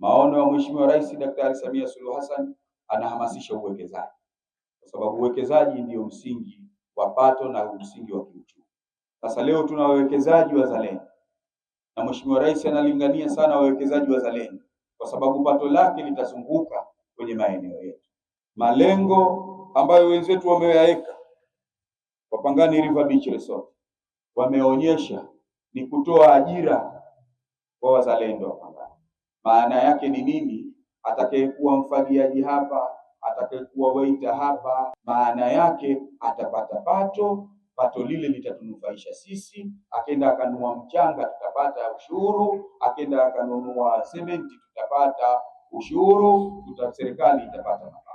Maono ya Mheshimiwa Rais Daktari Samia Suluhu Hassan anahamasisha uwekezaji kwa sababu uwekezaji ndio msingi wa pato na msingi wa kiuchumi. Sasa leo tuna wawekezaji wazalendo na Mheshimiwa Rais analingania sana wawekezaji wazalendo kwa sababu pato lake litazunguka kwenye maeneo yetu. Malengo ambayo wenzetu wameyaweka wapangani River Beach Resort wameonyesha ni kutoa ajira kwa wazalendo. Maana yake ni nini? Atakayekuwa mfagiaji hapa, atakayekuwa waita hapa, maana yake atapata pato. Pato lile litatunufaisha sisi. Akenda akanunua mchanga, tutapata ushuru. Akenda akanunua sementi, tutapata ushuru, tuta serikali itapata mapato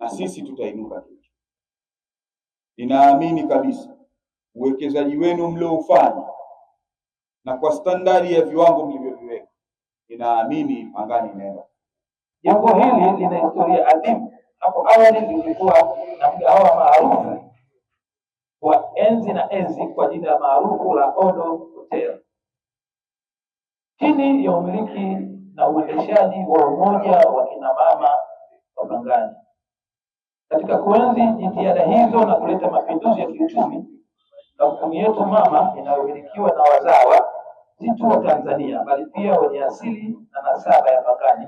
na sisi tutainuka. Ninaamini kabisa uwekezaji wenu mlioufanya na kwa standadi ya viwango mlivyo inaamini Pangani inaenda. Jambo hili lina historia adhimu. Hapo awali lilikuwa na mgahawa maarufu wa enzi na enzi kwa jina maarufu la Odo Hotel, chini ya umiliki na uendeshaji wa umoja wa kinamama wa Pangani. Katika kuenzi jitihada hizo na kuleta mapinduzi ya kiuchumi, kampuni yetu mama inayomilikiwa na wazawa si tu wa Tanzania bali pia wenye asili na nasaba ya pangani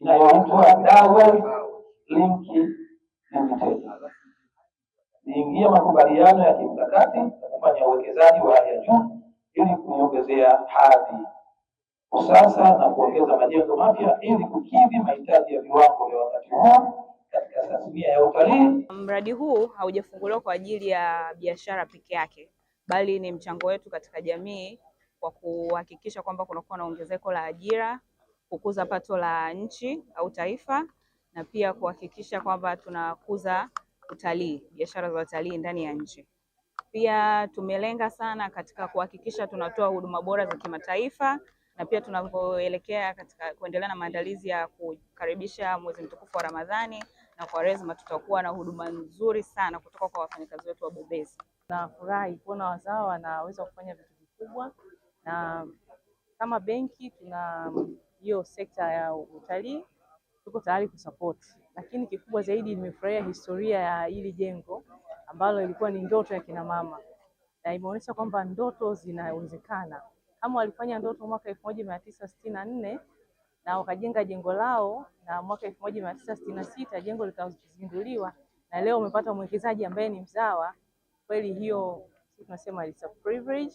inayoitwa Dawe Linki Limited. Niingia makubaliano ya kimkakati na kufanya uwekezaji wa hali ya juu ili kuongezea hadhi usasa na kuongeza majengo mapya ili kukidhi mahitaji ya viwango vya wakati huu katika tasnia ya utalii. Mradi huu haujafunguliwa kwa ajili ya biashara peke yake, bali ni mchango wetu katika jamii kwa kuhakikisha kwamba kunakuwa na ongezeko la ajira, kukuza pato la nchi au taifa, na pia kuhakikisha kwamba tunakuza utalii, biashara za utalii ndani ya nchi. Pia tumelenga sana katika kuhakikisha tunatoa huduma bora za kimataifa na pia tunavyoelekea katika kuendelea na maandalizi ya kukaribisha mwezi mtukufu wa Ramadhani na Kwaresma, tutakuwa na huduma nzuri sana kutoka kwa wafanyakazi wetu wabobezi. Nafurahi kuona wazawa wanaweza kufanya vitu vikubwa na kama benki tuna hiyo sekta ya utalii tuko tayari kusapoti, lakini kikubwa zaidi nimefurahia historia ya hili jengo ambalo ilikuwa ni ndoto ya kina mama na imeonyesha kwamba ndoto zinawezekana. Kama walifanya ndoto mwaka elfu moja mia tisa sitini na nne na wakajenga jengo lao na mwaka elfu moja mia tisa sitini na sita jengo likazinduliwa na leo umepata mwekezaji ambaye ni mzawa kweli, hiyo tunasema it's a privilege